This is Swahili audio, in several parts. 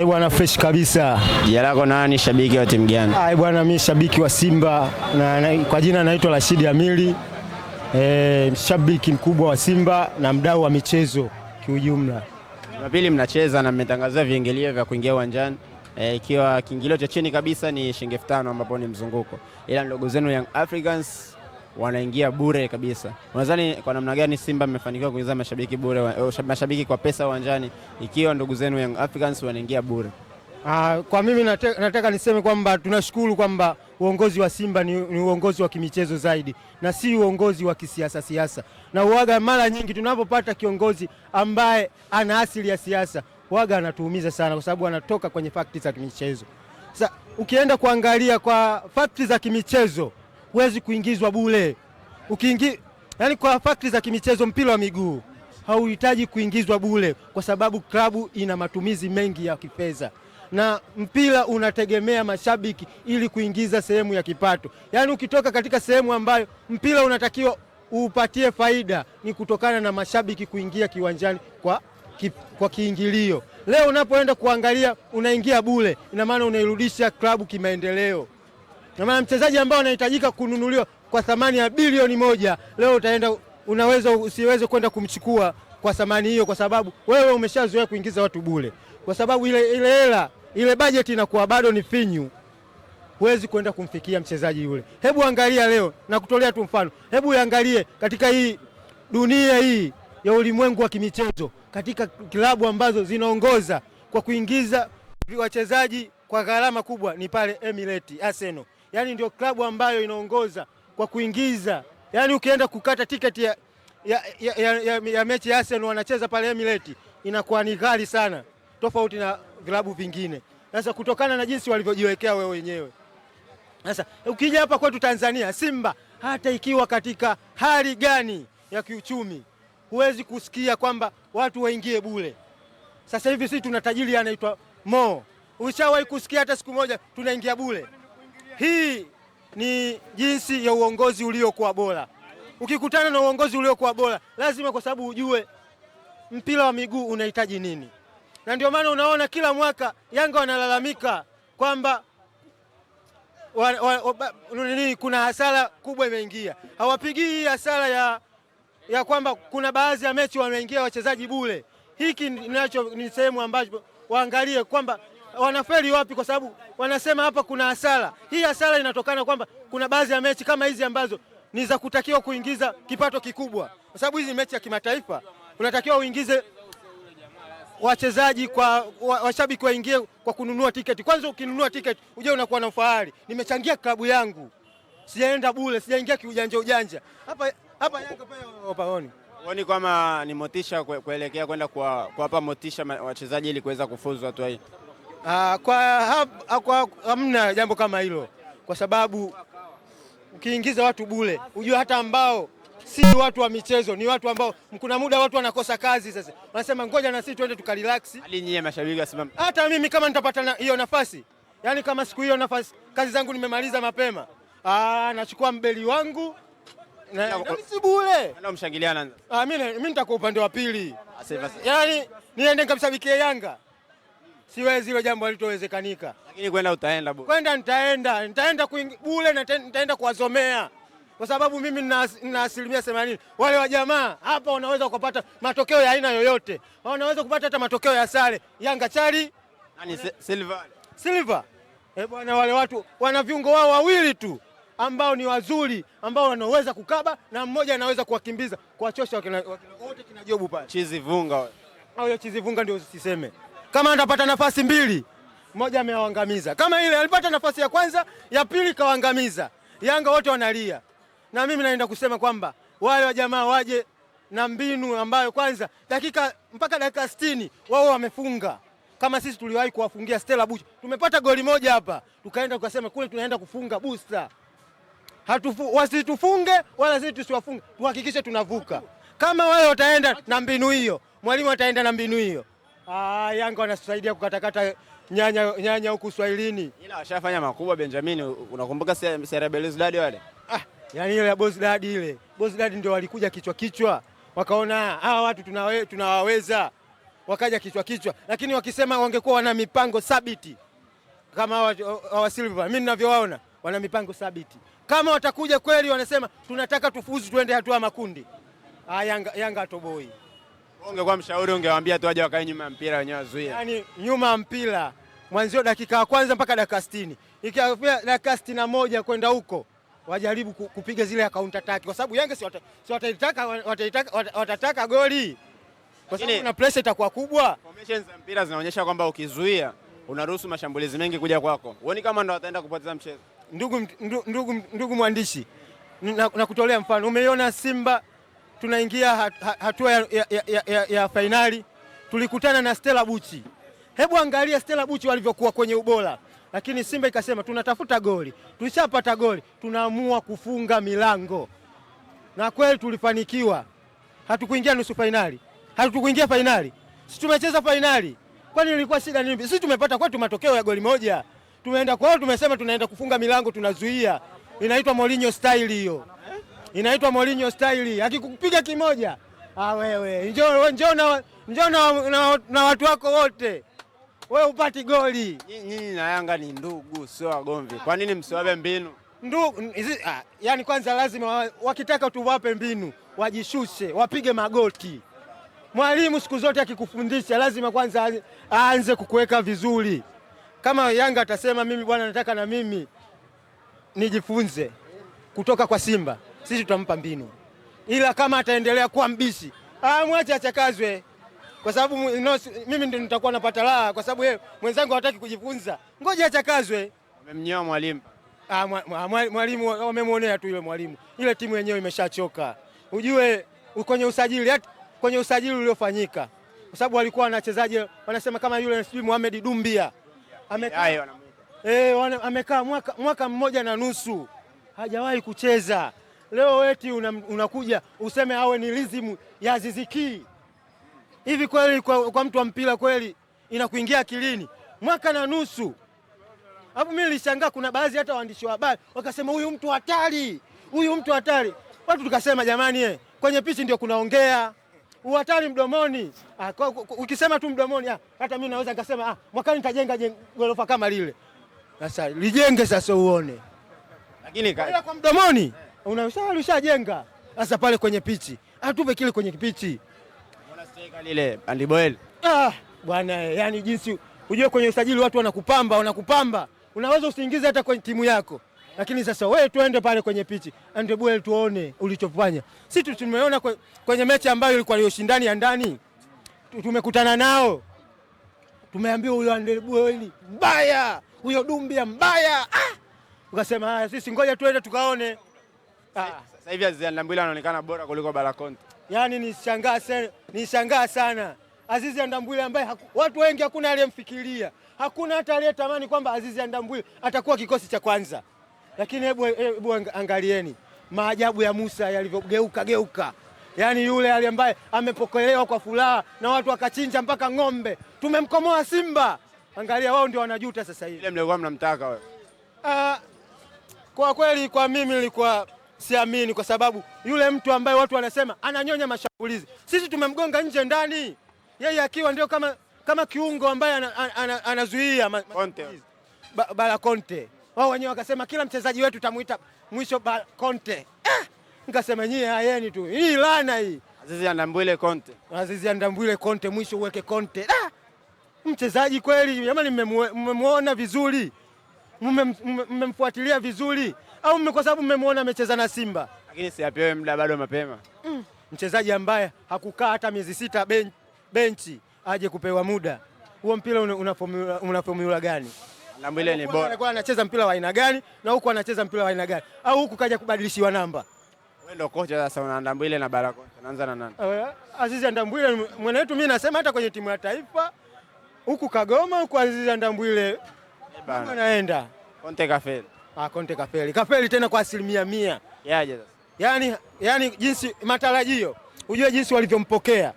Eh bwana, fresh kabisa. Jina lako nani? Shabiki wa timu gani? Ah bwana, mimi shabiki wa Simba na, na, kwa jina naitwa Rashidi Amili. E, shabiki mkubwa wa Simba na mdau wa michezo kiujumla. Jumapili mnacheza na mmetangazia viingilio vya kuingia uwanjani eh, ikiwa e, kiingilio cha chini kabisa ni shilingi 5000 ambapo ni mzunguko, ila ndogo zenu Young Africans wanaingia bure kabisa. Unadhani kwa namna gani Simba mmefanikiwa kuingiza mashabiki bure, eh, mashabiki kwa pesa uwanjani ikiwa ndugu zenu Young Africans wanaingia bure? Aa, ah, kwa mimi nataka, nataka niseme kwamba tunashukuru kwamba uongozi wa Simba ni, ni uongozi wa kimichezo zaidi na si uongozi wa kisiasa siasa, na uwaga mara nyingi tunapopata kiongozi ambaye ana asili ya siasa waga anatuumiza sana, kwa sababu anatoka kwenye fakti za kimichezo. Sasa ukienda kuangalia kwa fakti za kimichezo huwezi kuingizwa bure. Ukiingi, yani kwa fakti za kimichezo, mpira wa miguu hauhitaji kuingizwa bure, kwa sababu klabu ina matumizi mengi ya kifedha na mpira unategemea mashabiki ili kuingiza sehemu ya kipato. Yaani ukitoka katika sehemu ambayo mpira unatakiwa upatie faida, ni kutokana na mashabiki kuingia kiwanjani kwa, ki, kwa kiingilio. Leo unapoenda kuangalia unaingia bule ina maana unairudisha klabu kimaendeleo na maana mchezaji ambao anahitajika kununuliwa kwa thamani ya bilioni moja leo utaenda unaweza usiweze kwenda kumchukua kwa thamani hiyo, kwa sababu wewe umeshazoea kuingiza watu bure, kwa sababu ile ile hela ile bajeti inakuwa bado ni finyu, huwezi kwenda kumfikia mchezaji yule. Hebu angalia leo, nakutolea tu mfano, hebu angalie katika hii dunia hii ya ulimwengu wa kimichezo, katika klabu ambazo zinaongoza kwa kuingiza wachezaji kwa gharama kubwa ni pale Emirates Arsenal yani ndio klabu ambayo inaongoza kwa kuingiza, yani ukienda kukata tiketi ya, ya, ya, ya, ya, ya mechi ya Arsenal wanacheza pale Emirates inakuwa ni ghali sana, tofauti na vilabu vingine. Sasa kutokana na jinsi walivyojiwekea wewe wenyewe sasa ukija hapa kwetu Tanzania, Simba hata ikiwa katika hali gani ya kiuchumi, huwezi kusikia kwamba watu waingie bure. Sasa hivi sisi tuna tajiri anaitwa Mo. Ushawahi kusikia hata siku moja tunaingia bure? Hii ni jinsi ya uongozi uliokuwa bora. Ukikutana na uongozi uliokuwa bora lazima, kwa sababu ujue mpira wa miguu unahitaji nini, na ndio maana unaona kila mwaka Yanga wanalalamika kwamba wa, wa, wa, nini, kuna hasara kubwa imeingia. Hawapigii hii hasara ya, ya kwamba kuna baadhi ya mechi wanaingia wachezaji bure. Hiki ninacho ni sehemu ambacho waangalie kwamba wanafeli wapi? Kwa sababu wanasema hapa kuna hasara. Hii hasara inatokana kwamba kuna baadhi ya mechi kama hizi ambazo ni za kutakiwa kuingiza kipato kikubwa, kwa sababu hizi mechi ya kimataifa unatakiwa uingize wachezaji kwa washabiki waingie kwa kununua tiketi. Kwanza ukinunua tiketi uje unakuwa na ufahari, nimechangia klabu yangu, sijaenda bure, sijaingia kiujanja ujanja. Hapa hapa Yanga pale wapaoni oni kama ni motisha kuelekea kwenda kuwapa motisha wachezaji ili kuweza kufuzu hatua hii. Aa, ah, kwa, ah, kwa hamna jambo kama hilo, kwa sababu ukiingiza watu bure, unajua hata ambao si watu wa michezo ni watu ambao kuna muda watu wanakosa kazi. Sasa wanasema ngoja na sisi twende tukarelax. Hali nyinyi mashabiki wasimame, hata mimi kama nitapata hiyo nafasi yani kama siku hiyo nafasi kazi zangu nimemaliza mapema, ah, nachukua mbeli wangu yaani bure, ah, mimi nitakuwa upande wa pili, yani niende nikamshabikie Yanga siwezi hilo jambo halitowezekanika. Lakini kwenda utaenda bwana. Kwenda nitaenda, nitaenda bure na nitaenda kuwazomea kwa sababu mimi nina asilimia themanini. Wale wa jamaa hapa wanaweza kupata matokeo ya aina yoyote, wanaweza kupata hata matokeo ya sare. Yanga chali nani Silva Silva, eh bwana, wale watu wana viungo wao wawili tu ambao ni wazuri ambao wanaweza kukaba na mmoja anaweza kuwakimbiza kuwachosha wote. Kina Jobu pale chizi vunga, au chizi vunga ndio usiseme kama atapata nafasi mbili, moja amewaangamiza. Kama ile alipata nafasi ya kwanza, ya pili kawaangamiza. Yanga wote wanalia, na mimi naenda kusema kwamba wale wa jamaa waje na mbinu ambayo kwanza dakika mpaka dakika 60 wao wamefunga kama sisi tuliwahi kuwafungia Stella Bush. Tumepata goli moja hapa, tukaenda tukasema kule tunaenda kufunga booster. Hatufu, wasitufunge wala sisi tusiwafunge, tuhakikishe tunavuka. Kama wale wataenda na mbinu hiyo, mwalimu ataenda na mbinu hiyo. Ah, Yanga wanatusaidia kukatakata nyanya nyanya huku Swahilini. Ila washafanya makubwa Benjamin, unakumbuka Serebelous Dadi wale? Ah, yani ile Boss Dadi ile. Boss Dadi ndio walikuja kichwa kichwa. Wakaona ah, hawa watu tunawe, tunawaweza. Wakaja kichwa kichwa. Lakini wakisema wangekuwa wana mipango thabiti kama hawa Silver. Mimi ninavyowaona wana mipango thabiti. Kama watakuja kweli wanasema tunataka tufuzu tuende hatua makundi. Ah, Yanga Yanga atoboi. Ungekuwa mshauri ungewaambia tu waje wakae nyuma ya mpira wenyewe wazuie. Yaani nyuma ya mpira mwanzio dakika ya kwanza mpaka dakika 60. Ikiwa dakika moja kwenda huko wajaribu kupiga zile ya counter attack kwa sababu Yanga si wataitaka watataka goli. Kwa sababu kuna pressure itakuwa kubwa. Formations za mpira zinaonyesha kwamba ukizuia unaruhusu mashambulizi mengi kuja kwako. Uone kama ndo wataenda kupoteza mchezo. Ndugu, ndugu, ndugu mwandishi, nakutolea na mfano. Umeiona Simba tunaingia hatua ya, ya, ya, ya, ya fainali. Tulikutana na Stella Buchi, hebu angalia Stella Buchi walivyokuwa kwenye ubora, lakini Simba ikasema tunatafuta goli, tulishapata goli, tunaamua kufunga milango, na kweli tulifanikiwa. Hatukuingia nusu fainali, hatukuingia fainali, si tumecheza fainali? Kwani ilikuwa shida nini? Sisi tumepata kwetu matokeo ya goli moja, tumeenda kwao, tumesema tunaenda kufunga milango, tunazuia. Inaitwa Mourinho style hiyo inaitwa Mourinho style, akikupiga kimoja ah, wewe njoo njoo na, njoo na, na, na watu wako wote wewe upati goli. Nyinyi na Yanga ni ndugu, sio wagomvi. Kwa nini msiwape mbinu ndugu? Ah, yani kwanza lazima wakitaka tuwape mbinu wajishushe, wapige magoti. Mwalimu siku zote akikufundisha lazima kwanza aanze kukuweka vizuri. Kama Yanga atasema mimi bwana, nataka na mimi nijifunze kutoka kwa Simba sisi tutampa mbinu, ila kama ataendelea kuwa mbisi, ah, mwache achakazwe, kwa sababu no, mimi ndio nitakuwa napata raha, kwa sababu yeye mwenzangu hataki kujifunza. Ngoja achakazwe. Amemnyoa mwalimu, ah, mwalimu wamemwonea tu yule mwalimu, ile timu yenyewe imeshachoka. Ujue kwenye usajili, kwenye usajili uliofanyika, kwa sababu walikuwa wanachezaji wanasema kama yule sijui Mohamed Dumbia amekaa, eh, amekaa mwaka, mwaka mmoja na nusu hajawahi kucheza leo eti unakuja una useme awe ni lizimu ya Aziziki. Hivi kweli kwa, kwa mtu wa mpira kweli inakuingia akilini? Mwaka na nusu hapo, mimi nilishangaa, kuna baadhi hata waandishi wa habari wakasema huyu mtu hatari, huyu mtu hatari. Watu tukasema jamani, eh, kwenye pichi ndio kunaongea uhatari mdomoni. Ah, kwa, kwa, ukisema tu mdomoni ah, hata mimi naweza nikasema ah, mwakani nitajenga gorofa kama lile. Sasa lijenge sasa uone, lakini kwa mdomoni eh unashari ushajenga sasa pale kwenye pichi atupe ah, kile kwenye pichi lile Andiboeli ah, bwana yani jinsi ujue kwenye usajili watu wanakupamba wanakupamba, unaweza usiingize hata kwenye timu yako, lakini sasa we tuende pale kwenye pichi Andiboeli tuone ulichofanya. Si tumeona kwenye mechi ambayo ilikuwa ni ushindani ya ndani, tumekutana nao, tumeambiwa huyo Andiboeli mbaya, huyo Dumbia mbaya ah! Ukasema haya, sisi ngoja tuende tukaone sasa ah. hivi Azizi Ndambwile anaonekana bora kuliko Balakonte. Yaani nishangaa sana, shangaa sana. Azizi Ndambwile ambaye haku, watu wengi hakuna aliyemfikiria. Hakuna hata aliyetamani kwamba Azizi Ndambwile atakuwa kikosi cha kwanza. Lakini hebu hebu angalieni maajabu ya Musa yalivyogeuka geuka. Yaani yule ali ambaye amepokelewa kwa furaha na watu wakachinja mpaka ng'ombe. Tumemkomoa Simba. Angalia wao ndio wanajuta sasa hivi. Ile mlikuwa mnamtaka wewe. Ah, kwa kweli kwa mimi nilikuwa siamini, kwa sababu yule mtu ambaye watu wanasema ananyonya mashambulizi, sisi tumemgonga nje ndani, yeye akiwa ndio kama, kama kiungo ambaye anazuia ana, ana, ana Conte ba, bala Conte. Wao wenyewe wakasema kila mchezaji wetu tamuita mwisho bala Conte. eh, Nikasema nyie hayeni tu hii lana hii Azizi andambwile Conte, Azizi andambwile Conte, mwisho uweke Conte. Ah! Mchezaji kweli jamani, mmemwona vizuri, mmemfuatilia vizuri au kwa sababu mmemwona amecheza na Simba? Lakini si apewe muda bado mapema. Mm, mchezaji ambaye hakukaa hata miezi sita bench, benchi aje kupewa muda huo, mpira una formula gani? Lambile ni bora. Alikuwa anacheza mpira wa aina gani na huku anacheza mpira wa aina gani? Au huku kaja kubadilishiwa namba? Wewe ndio kocha sasa, una Ndambwile na Baraka. Unaanza na nani? Eh, Azizi Ndambwile wetu, mimi nasema hata kwenye timu ya taifa huku Kagoma, huku Azizi Ndambwile eh, anaenda. Conte kafeli. Ah, Conte kafeli. Kafeli tena kwa asilimia mia. Yaje sasa. Yaani, yaani jinsi matarajio, ujue jinsi walivyompokea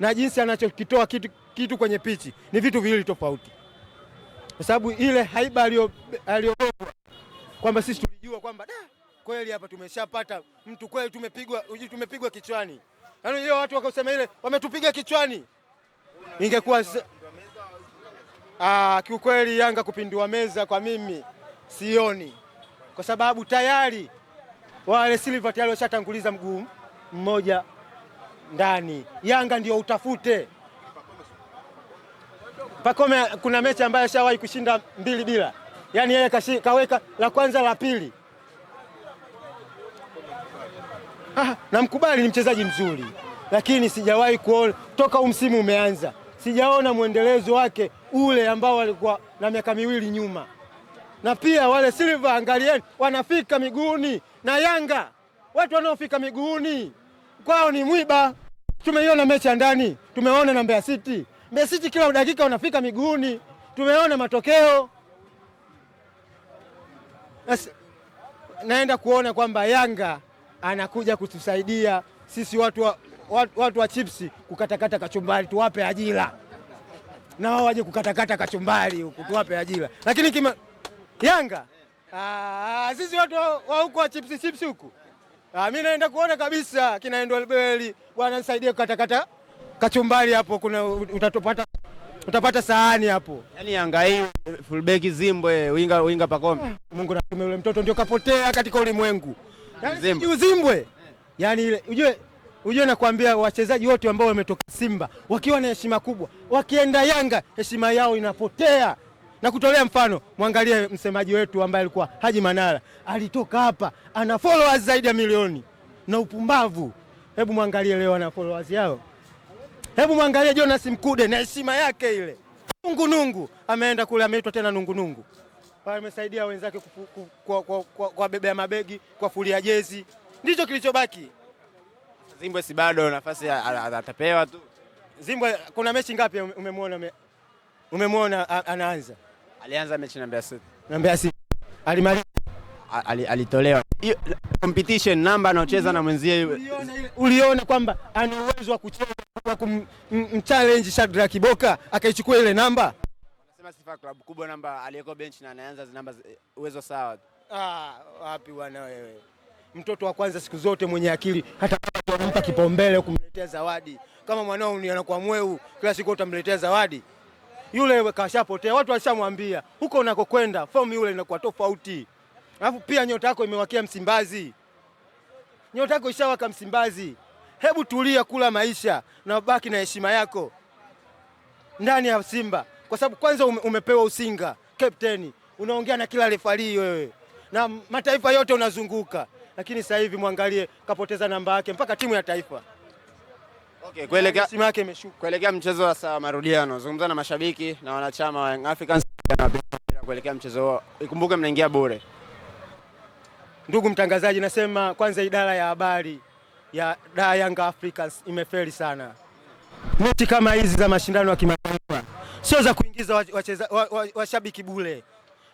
na jinsi anachokitoa kitu, kitu kwenye pichi ni vitu viwili tofauti, kwa sababu ile haiba aliyobebwa kwamba sisi tulijua kwamba da kweli hapa tumeshapata mtu kweli, tumepigwa tumepigwa kichwani. Yaani hiyo watu wakasema ile wametupiga kichwani, ingekuwa ah, kiukweli Yanga kupindua meza kwa mimi sioni kwa sababu tayari wale Silva tayari washatanguliza mguu mmoja ndani. Yanga ndio utafute Pakome. Kuna mechi ambayo ashawahi kushinda mbili bila, yaani yeye kaweka la kwanza la pili. na namkubali ni mchezaji mzuri, lakini sijawahi kuona toka umsimu umeanza, sijaona mwendelezo wake ule ambao alikuwa na miaka miwili nyuma na pia wale Silva, angalieni wanafika miguuni na Yanga. Watu wanaofika miguuni kwao ni mwiba. Tumeiona mechi ya ndani, tumeona na Mbeya City. Mbeya City kila dakika wanafika miguuni, tumeona matokeo. naenda kuona kwamba Yanga anakuja kutusaidia sisi watu wa, watu, watu wa chipsi kukatakata kachumbari, tuwape ajira na wao waje kukatakata kachumbari huku, tuwape ajira lakini kima, Yanga ah, sisi watu wa huko wa chipsi chipsi huku mi ah, Mimi naenda kuona kabisa kinaendwa beli, bwana nisaidie kukatakata kachumbari hapo, kuna utatopata utapata sahani hapo. Yaani Yanga hii fullback Zimbo, winga winga Pakome. Mungu natume ule mtoto ndio kapotea katika ulimwengu. Yaani Zimbwe. Yaani ile ujue ujue nakwambia wachezaji wote ambao wametoka Simba wakiwa na heshima kubwa, wakienda Yanga heshima yao inapotea na kutolea mfano, mwangalie msemaji wetu ambaye alikuwa Haji Manara, alitoka hapa ana followers zaidi ya milioni na upumbavu. Hebu mwangalie leo ana followers yao. Hebu mwangalie Jonas Mkude na heshima yake ile nungunungu, ameenda kule ameitwa tena nungunungu, amesaidia wenzake kwa, kwa, kwa, kwa bebea mabegi kwa fulia jezi, ndicho kilichobaki. Zimbwe si bado nafasi atapewa tu Zimbwe. Kuna mechi ngapi umemwona umemwona anaanza? Alianza mechi na Mbeya City. Na Mbeya City. Alimaliza. Alitolewa. Competition namba anaocheza na mwenzie. Uliona kwamba ana uwezo wa kucheza wa kumchallenge Shadrack Kiboka akaichukua ile namba. Wanasema Sifa Club kubwa namba aliyeko bench na anaanza namba eh, uwezo sawa. Ah, wapi bwana wewe. Mtoto wa kwanza siku zote mwenye akili hata kama unampa kipaumbele kumletea zawadi. Kama mwanao ni anakuwa mweu kila siku utamletea zawadi yule kashapotea, watu washamwambia huko unakokwenda, fomu yule inakuwa tofauti. Alafu pia nyota yako imewakia Msimbazi, nyota yako ishawaka Msimbazi. Hebu tulia, kula maisha na baki na heshima yako ndani ya Simba, kwa sababu kwanza umepewa usinga kapteni, unaongea na kila refarii wewe na mataifa yote unazunguka, lakini sasa hivi mwangalie, kapoteza namba yake mpaka timu ya taifa. Okay, kuelekea mchezo wa saa marudiano, zungumza na mashabiki na wanachama wa Young Africans kuelekea mchezo huo. Ikumbuke mnaingia bure. Ndugu mtangazaji, nasema kwanza idara ya habari ya da Young Africans imefeli sana. Mechi kama hizi za mashindano ya kimataifa sio za kuingiza washabiki wa, wa, wa, wa bure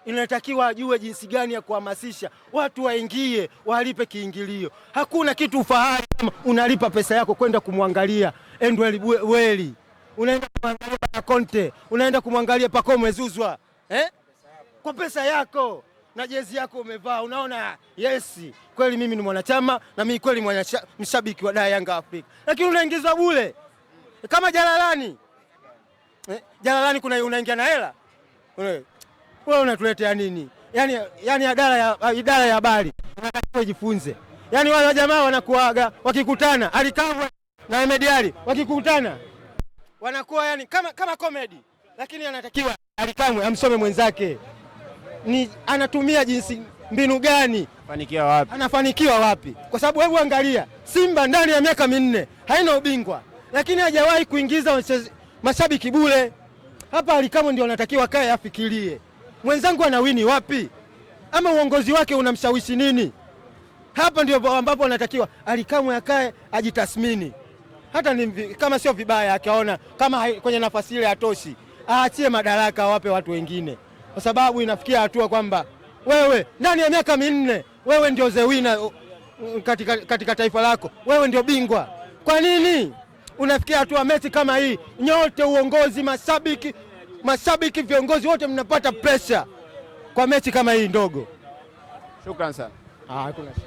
inatakiwa ajue jinsi gani ya kuhamasisha watu waingie, walipe kiingilio. Hakuna kitu ufahari kama unalipa pesa yako kwenda kumwangalia Endweli Weli, unaenda kumwangalia Bana Conte, unaenda kumwangalia Pacome Zuzwa eh? kwa pesa yako na jezi yako umevaa, unaona yes, kweli mimi ni mwanachama na mimi kweli mshabiki wa daa Yanga Afrika, lakini unaingizwa bule kama jalalani eh? Jalalani kuna unaingia na hela wewe unatuletea nini? Yani, yani idara ya idara ya habari unatakiwa jifunze. Yani wale jamaa wanakuaga wakikutana alikavwa na mediali wakikutana wanakuwa yani kama kama comedy, lakini anatakiwa Alikamwe amsome mwenzake ni anatumia jinsi mbinu gani, anafanikiwa wapi? Anafanikiwa wapi? Kwa sababu hebu angalia Simba ndani ya miaka minne haina ubingwa, lakini hajawahi kuingiza mashabiki bure. Hapa Alikamwe ndio anatakiwa kae afikirie mwenzangu anawini wapi? Ama uongozi wake unamshawishi nini? Hapa ndio ambapo anatakiwa Alikamwe akae ajitathmini, hata ni kama sio vibaya, akaona kama kwenye nafasi ile hatoshi, aachie madaraka, wape watu wengine, kwa sababu inafikia hatua kwamba wewe ndani ya miaka minne wewe ndio zewina katika, katika taifa lako, wewe ndio bingwa. Kwa nini unafikia hatua mechi kama hii? Nyote uongozi, mashabiki mashabiki, viongozi wote mnapata pressure kwa mechi kama hii ndogo. shukran sana. Ah, hakuna shida.